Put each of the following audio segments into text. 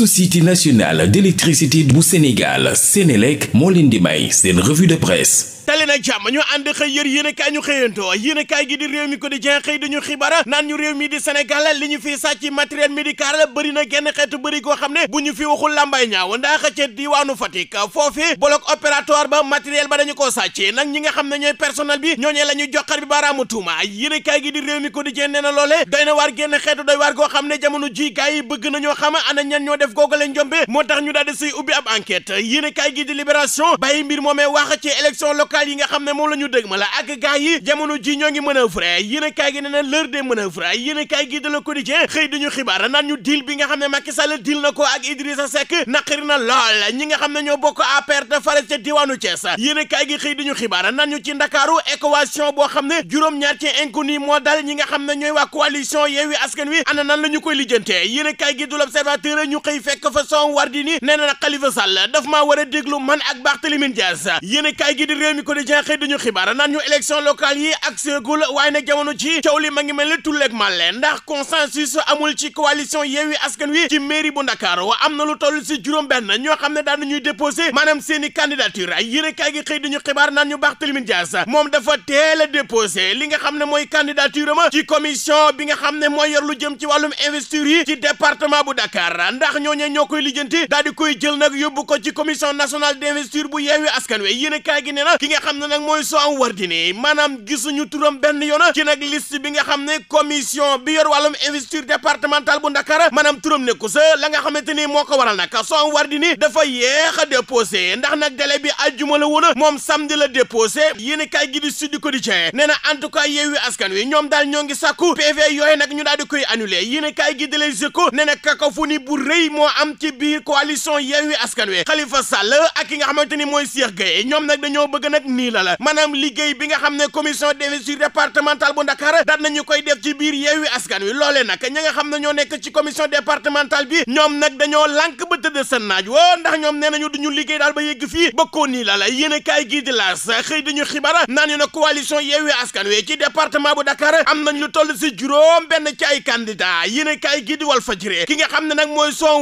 société nationale d'électricité bu Sénégal Sénélec moo leen di may seen revue de presse dale na jàmm ñu ànd xëy yër yéen a ñu xëyantoo yéen a gi di réew mi ko di jen xëy dañu xibara naan ñu réew mi di Sénégal li ñu fi sàcc matériel médical bëri genn xeetu bëri koo xam ne bu ñu fi waxul lambay ñaaw ndax ca diwaanu Fatick foofi bloc opératoire ba matériel ba dañu koo sàcc nag ñi nga xam ne ñooy personnel bi ñooñee la ñu joxar bi baaraamu a def googu la njombe moo tax ñu daal di siy ubbi ab enquête yéene kaay gi di libération mbir moomee wax ci élection locale yi nga xam ne moom la ñu dëg ma la ak gars yi gi nee na l'heure gi de Le Quotidien xibaar naan ñu deal bi nga xam ne Macky Sall deal na ko ak Idrissa Seck naqari na lool ñi nga xam ne ñoo gi xëy dañu xibaar naan ñu ci Ndakaaru équation boo xam ne juróom-ñaar ci inconnu moo dal xam ne ñooy waa coalition xëy fekk fa son war di ni nee na Khalifa Sall daf maa war a déglu man ak Barthélémy Dias yéen gi di réew mi ko di jen xëy dañu xibaar naan ñu élection locale yi ak seegul waaye nag jamono ci coow li ma ndax consensus amul ci coalition Yewwi Askan Wi ci mairie bu Ndakaaru wa am na lu toll si juróom benn ñoo xam ne daan nañuy déposé maanaam seen i candidature yéen a kaay gi xëy dañu xibaar naan ñu Barthélémy Dias moom dafa teel a déposé li nga xam ne mooy candidature ma ci commission bi nga xam ne mooy yor lu jëm ci wàllum investiture yi ci département bu Dakar ndax ñooñee ñoo koy lijjanti daal di koy jël nag yóbbu ko ci commission nationale d'investiture bu yeewi askan wi yéen a kaay gi nee na ki nga xam ne nag mooy soo am war di ne maanaam gisuñu turam benn yoon ci nag liste bi nga xam ne commission bi yor wàllum investiture départementale bu Ndakaar maanaam turam ne sa la nga xamante ni moo ko waral nag soo am war di ni dafa yeex a déposé ndax nag délai bi àjjuma la moom samedi la déposé yéen a kaay gi di Sud Quotidien nee na en tout cas askan wi ñoom daal ñoo ngi sàkku PV yooyu nag ñu daal di koy annulé yéen a kaay gi di Les Échos nee na lii moo am ci biir coalition Yewwi Askan Wi Khalifa Sall ak ki nga xamante ni mooy Cheikh Gueye ñoom nag dañoo bëgg nag nii la la maanaam liggéey bi nga xam ne commission d'investiture départementale bu Ndakaar daan nañu koy def ci biir Yewwi Askan Wi loolee nag ña xam ne nekk ci commission départementale bi ñoom nag dañoo lànk ba tëdd seen naaj woo ndax ñoom nee nañu duñu liggéey daal ba yegg fii bëkkoo nii la la yéen a kaay gii di laas xëy dañu xibaar naan ñu nag coalition Yewwi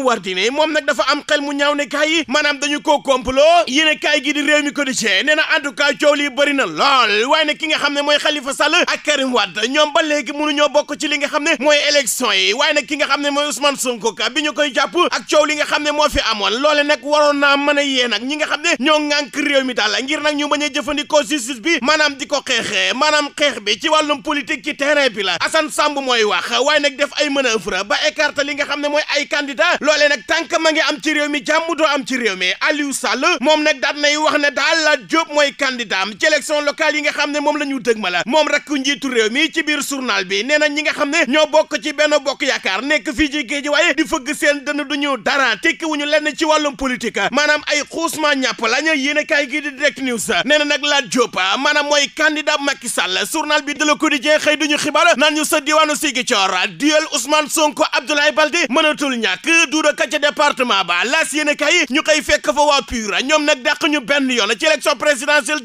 moom Wardini moom nag dafa am xel mu ñaaw ne kaay yi maanaam dañu ko complot yéen a kaay gi di réew mi quotidien nee na en tout coow lii bëri na lool waaye nag ki nga xam ne mooy Khalifa Sall ak Karim ñoom ba léegi mënuñoo bokk ci li nga xam ne mooy élection yi waaye nag ki nga xam ne mooy Ousmane Sonko ka bi ñu koy jàpp ak coow li nga xam ne moo fi amoon loole nag waroon naa mën a yee nag ñi nga xam ne ñoo ŋànk réew mi daal ngir nag ñu bañ a jëfandikoo justice bi maanaam di ko xeexee maanaam xeex bi ci wàllum politique ci terrain bi la Assane Samb mooy wax waaye def ay manœuvre ba écarter li nga xam ne mooy ay candidat loolee nag tànk ma ngi am ci réew mi jàmm doo am ci réew mi Aliou Sall moom nag daat nay wax ne daal Lat Diop mooy candidat am ci élection locale yi nga xam ne moom la ñu dëg ma la moom rakk njiitu réew mi ci biir journal bi nee na ñi nga xam ne ñoo bokk ci benn bokk yaakaar nekk fii ci géej waaye di fëgg seen dënn duñu dara tekki wuñu lenn ci wàllum politique maanaam ay xuusma ñàpp lañu yéen a kaay gi di direct news nee na nag Lat Diop maanaam mooy candidat Macky Sall journal bi de Le Quotidien xëy duñu xibaar naan ñu sa diwaanu Ziguinchor duel Ousmane Sonko Abdoulaye Baldé mënatul ñàkk Ndour ka ca département ba las yéen kay ñu koy fekk fa waa PUR ñoom nag dàq ñu benn yoon ci élection présidentielle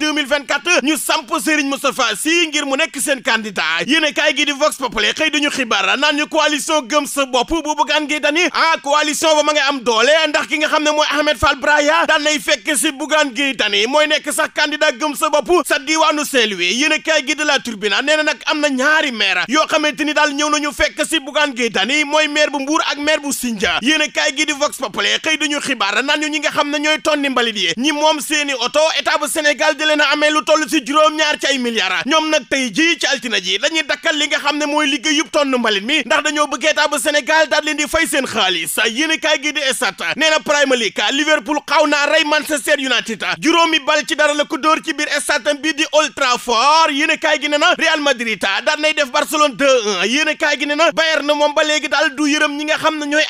ñu samp Serigne Moustapha Sy ngir mu nekk seen candidat yéen kay gi Vox Populi xëy dañu xibaar naan ñu coalition gëm sa bopp bu Bougane Gueye Dany ah ba ma nga am doole ndax ki nga xam ne mooy Ahmed Fall Braya daan nay fekk si Bougane Gueye mooy nekk sax candidat gëm sa bopp sa diwaanu Saint-Louis yéen kay gi la Tribune nee yéen kaay gi di Vox Populi xëy dañu xibaar naan ñu ñi nga xam ne ñooy tonni mbalit yi ñi moom seeni oto état bu di leen a amee lu toll si juróom-ñaar ci ay milliards ñoom nag tey ji ci altina ji dañuy dakkal li nga xam ne mooy liggéey yub tonn mbalit mi ndax dañoo bëgg état bu Sénégal daal leen di fay seen xaalis yéen kaay gi di Stades nee na Premier League Liverpool xaw naa rey Manchester United juróomi bal ci dara la ko dóor ci biir stade bi di Old Trafford yéen kaay gi ne na Real Madrid daan nay def gi ne na Bayern moom ba léegi daal du ñi nga xam ne ñooy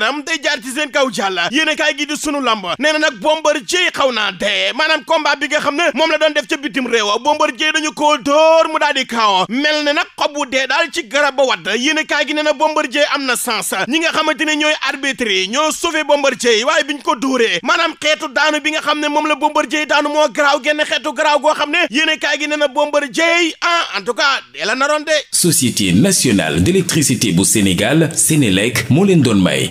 caractère am day jaar ci seen kaw jàll yéen a gi di sunu lamb nee na nag Bombardier xaw naa dee maanaam combat bi nga xam ne moom la doon def ca bitim réew Bombardier dañu koo dóor mu daal di kaawo mel ne nag xob bu dee daal ci garab ba wadd yéen a kaay gi nee na Bombardier am na sens ñi nga xamante ne ñooy arbitre yi ñoo sauvé Bombardier waaye biñ ko dóoree maanaam xeetu daanu bi nga xam ne moom la Bombardier daanu moo garaaw genn xeetu garaaw goo xam ne yéen a kaay gi na Bombardier ah tout cas la naroon de société nationale d'électricité bu Sénégal Sénélec moo leen doon may